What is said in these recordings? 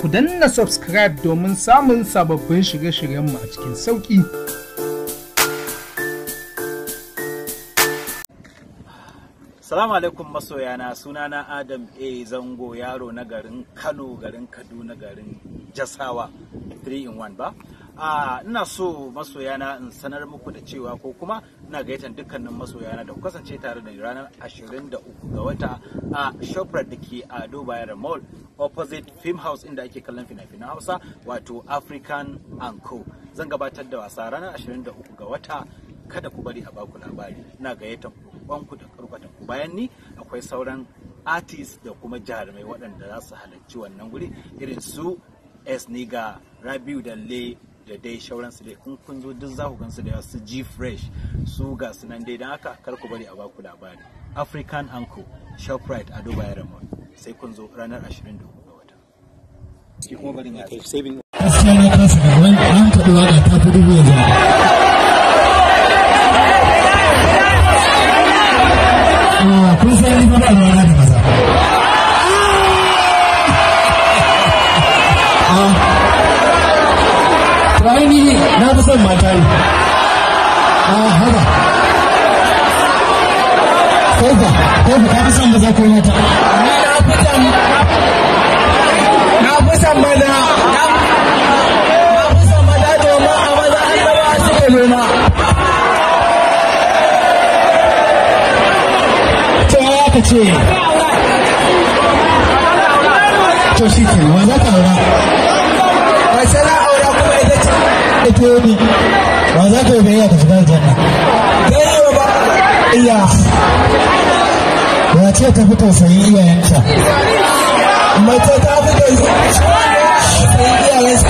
ku danna subscribe domin samun sababbin shirye-shiryenmu a cikin sauƙi. Salamu alaikum masoyana na Adam A Zango yaro na garin Kano garin Kaduna garin Jasawa 3 in 1 ba. a ina so masoyana in sanar muku da cewa ko kuma ina gayyatar dukkanin masoyana da ku kasance tare da ranar 23 ga wata a Shoprite da ke a dubayar Mall opposite Film House inda ake kallon fina-finan Hausa wato African Anko zan gabatar da wasa ranar 23 ga wata kada ku bari a baku labari ina gayyatar ku da karkatan bayan ni akwai sauran artist da kuma jarumai waɗanda za su halarci wannan guri irin su Esniga Rabiu Dalle da dai shauransu dai kun kun zo duk za ku gansu da su ji fresh su ga su nan dai don haka kar ku bari a baku labari african anko shoprite a dubai ramon sai kun zo ranar 24 ga wata ki ainihi na fi son mata yi a ah, Haba. kai ba ka fi son maza ko mata na na to ce shi ke ma za ka hura ni ba za ka yi biyayya ka shiga aljanna biyayya ba iya ya ce ta fi tausayin iyayenta mace ta fi tausayin iyayensa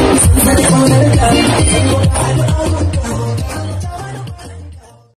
I'm